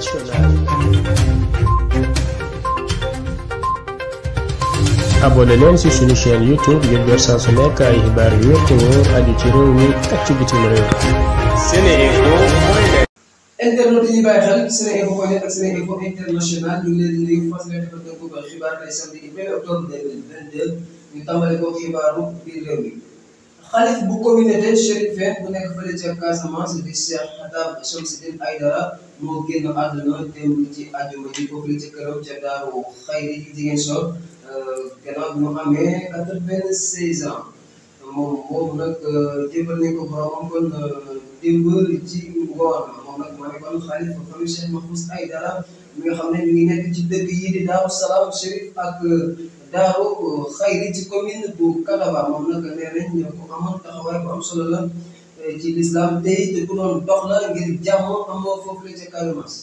internationale. abonné leen ci suñu chaîne youtube ngir jot su nekk ay xibaar yu wér ci réew mi ak bitim réew. Seneinfo. internet yi bàyyi xel Seneinfo ak Seneinfo international ñu ngi leen di nuyu fas leen defal xibaar réew mi. xalif bu communauté chérifien bu nekk fële ca Casamance di Cheikh Khatab Shamsidine Aydara moo génn àdduna démb ci àjjuma ji foofu ci këram ca Daaru Xayri ci Ziguinchor euh, gannaaw bi mu amee quatre-vingt-seize ans moom boobu nag euh, jébal nañ ko boromam kon euh, démb ci ngoon moom nag mooy kon xalif famille Cheikh Mahfouz Aydara mi nga xam ne mi ngi nekk ci dëkk yi di Daaru Salaam Chérif ak. daaru xayri ci commune bu Kalaba moom nag nee nañ ko amoon taxawaay bu am solo la eh, ci lislaam tey te ku doon dox la ngir jàmm amoo foofu la ca Casamance.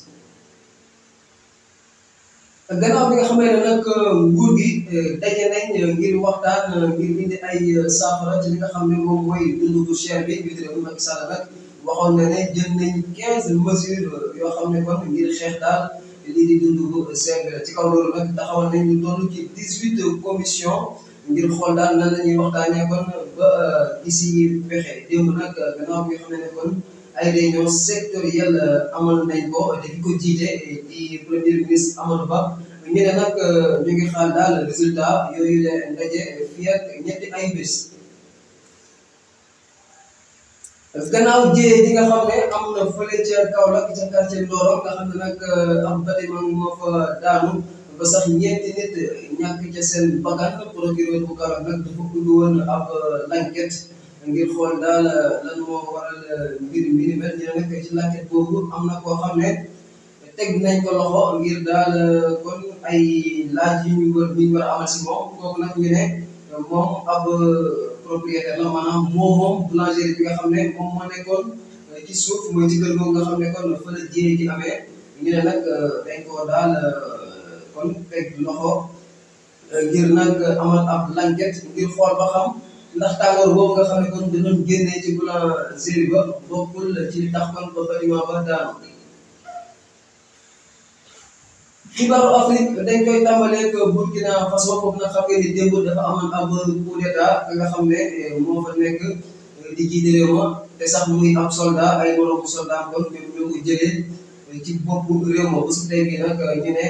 gannaaw bi nga xamee ne nag eh, nguur gi eh, daje nañ ngir waxtaan ngir indi ay saafara ci li xam ne moom mooy dundu bu cher bi bi réew Macky Sall nag waxoon na ne jël nañ quinze mesures yoo xam ne kon ngir xeex daal. li di dund seen ci kaw loolu nag taxawal nañ ñu toll ci huit commission ngir xool daal nan la ñuy waxtaanee kon ba euh, isi pexe démb nag euh, gannaaw bi nga xam ne kon ay réunion sectorielle euh, amal nañ ko te ko jiite di premier ministre Amadou Ba ñu ne nag ñu ngi xaar daal résultat yooyu la ndaje fii ak ñetti ay bés. gannaaw jéey ji nga xam ne am na fële ca Kaolack ca quartier Ndoro nga xam ne nag euh, am bâtiment moo fa daanu ba sax ñeenti nit ñàkk ca seen bakkan procureur bu Kaolack nag dafa ubbi woon ab lanket euh, ngir xool daal euh, lan moo waral mbir mbir mel ñu nekk ci lanket boobu am na koo xam ne teg nañ ko loxo ngir daal kon ay laaj yu ñu war ñu a si moom kooku nag ñu ne moom ab. propriétaire la maanaam moom moom boulangerie bi nga xam ne moom moo nekkoon euh, ci suuf mooy ci kër googu nga xam ne kon fa la jiyee ci amee ñu ne nag euh, dañ koo daal euh, kon teg loxo ngir nag amal ab lanquête ngir xool ba xam ndax tàngoor boobu nga xam ne kon dinañ génnee ci boulangerie ba bokkul ci li tax kon ba bâtiment ba daanu. xibaaru Afrique dañ koy tàmbalee que Burkina Faso foofu nag xam ngeen ni démb dafa amoon ab coup d'état nga xam ne eh, moo fa nekk eh, di te sax muy am soldat ay moromu soldat kon ñoom ñoo ko jëlee eh, réew ma bésu tey bii nag ñu ne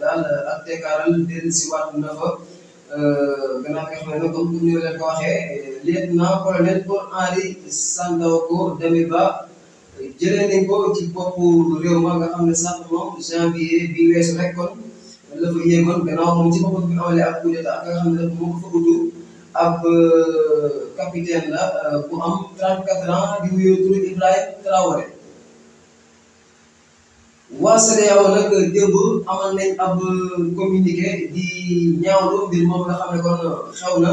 daal ak tekkaaral dellu si waat na fa gannaaw xam ne nag comme ni ma leen ko waxee lieutenant colonel Paul Henri Sandaogo Damiba. jëlee nañ ci boppu réew ma nga xam ne sax moom janvier bi weesu rek la fa yéegoon gannaaw moom ci boppam ne daf ab euh, capitaine la euh, bu am 34 ans di wuyoo turu Ibrahima Traoré. waa CEDEAO nag démb amal nañ ab euh, communiqué di ñaawlu mbir moom nga xam ne kon xew na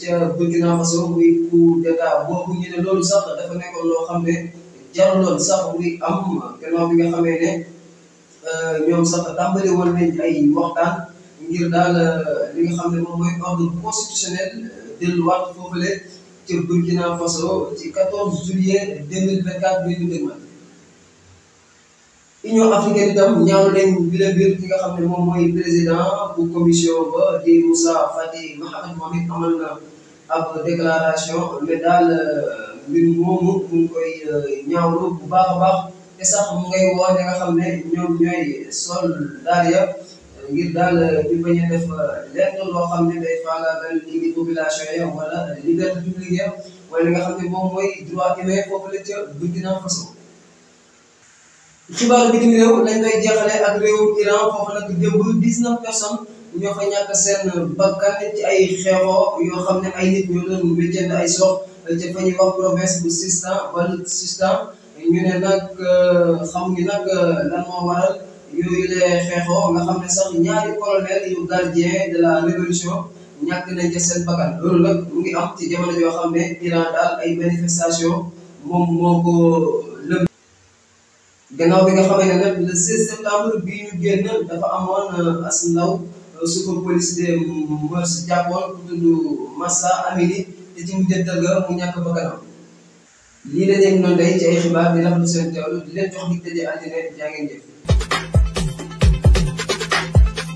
ca Burkina Faso muy coup d'état boobu ñu ne loolu sax dafa nekkoon loo xam ne. jaruloon sax muy am gannaaw bi nga xamee ne euh, ñoom sax tàmbali woon nañ ay waxtaan ngir daal euh, li nga xam ne moom mooy ordre constitutionnel euh, delluwaat foofule ci Burkina Faso ci 14 juillet 2024 bi ñu dégmal Union africaine itam ñaaw leen bi la mbir ki nga xam ne moom mooy président bu commission ba di Moussa Faki Mahamat moom it amal ab déclaration mais daal. mbir moomu ñu koy euh, ñaawlu bu te sax mu ngay woo ñi xam ne ñoom ñooy sol daal ya euh, ngir daal euh, ñu bañ xam ne day faagaagal li ngi population ya wala liberté publique ya wala nga xam ne moom mooy droit humain foofu la ca Burkina ñoo fa ñàkk seen bakkan ci ay xeexoo yoo xam ne ay nit ñoo doon wéccante ay sox. dafa ñuy wax province bu Sistan wala Sistan ñu ne nag euh, xam ngi nag euh, lan moo waral yooyu la xeexoo nga xam ne sax ñaari colonel yu gardien de la révolution ñàkk nañ ca seen bakkan nag mu ngi am ci jamono yoo xam ne Iran manifestation moom moo ko lëb gannaaw bi nga xamee ne nag le 16 septembre bii ñu génn dafa amoon euh, as ndaw su ko police de mars jàppoon ku tudd Massa Amini te ci mujjantal ga mu ñàkk ba kanam lii la ñu doon day ci ay xibaar di seen teewlu di leen jox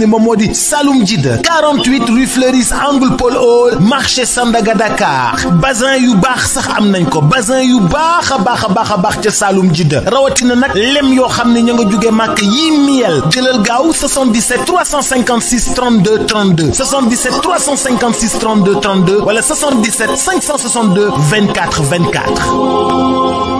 xam moom moo di Saloum Jide 48 rue Fleuris angle Paul Hall marché Sandaga Dakar bazin yu baax sax am nañ ko basin yu baax a baax a baax a baax ca Saloum Jide rawatina nag lem yoo xam ne ña nga jugee màkk yii miel jëlal gaaw 77 356 32 32 77 356 32 32 wala 77 562 24 24.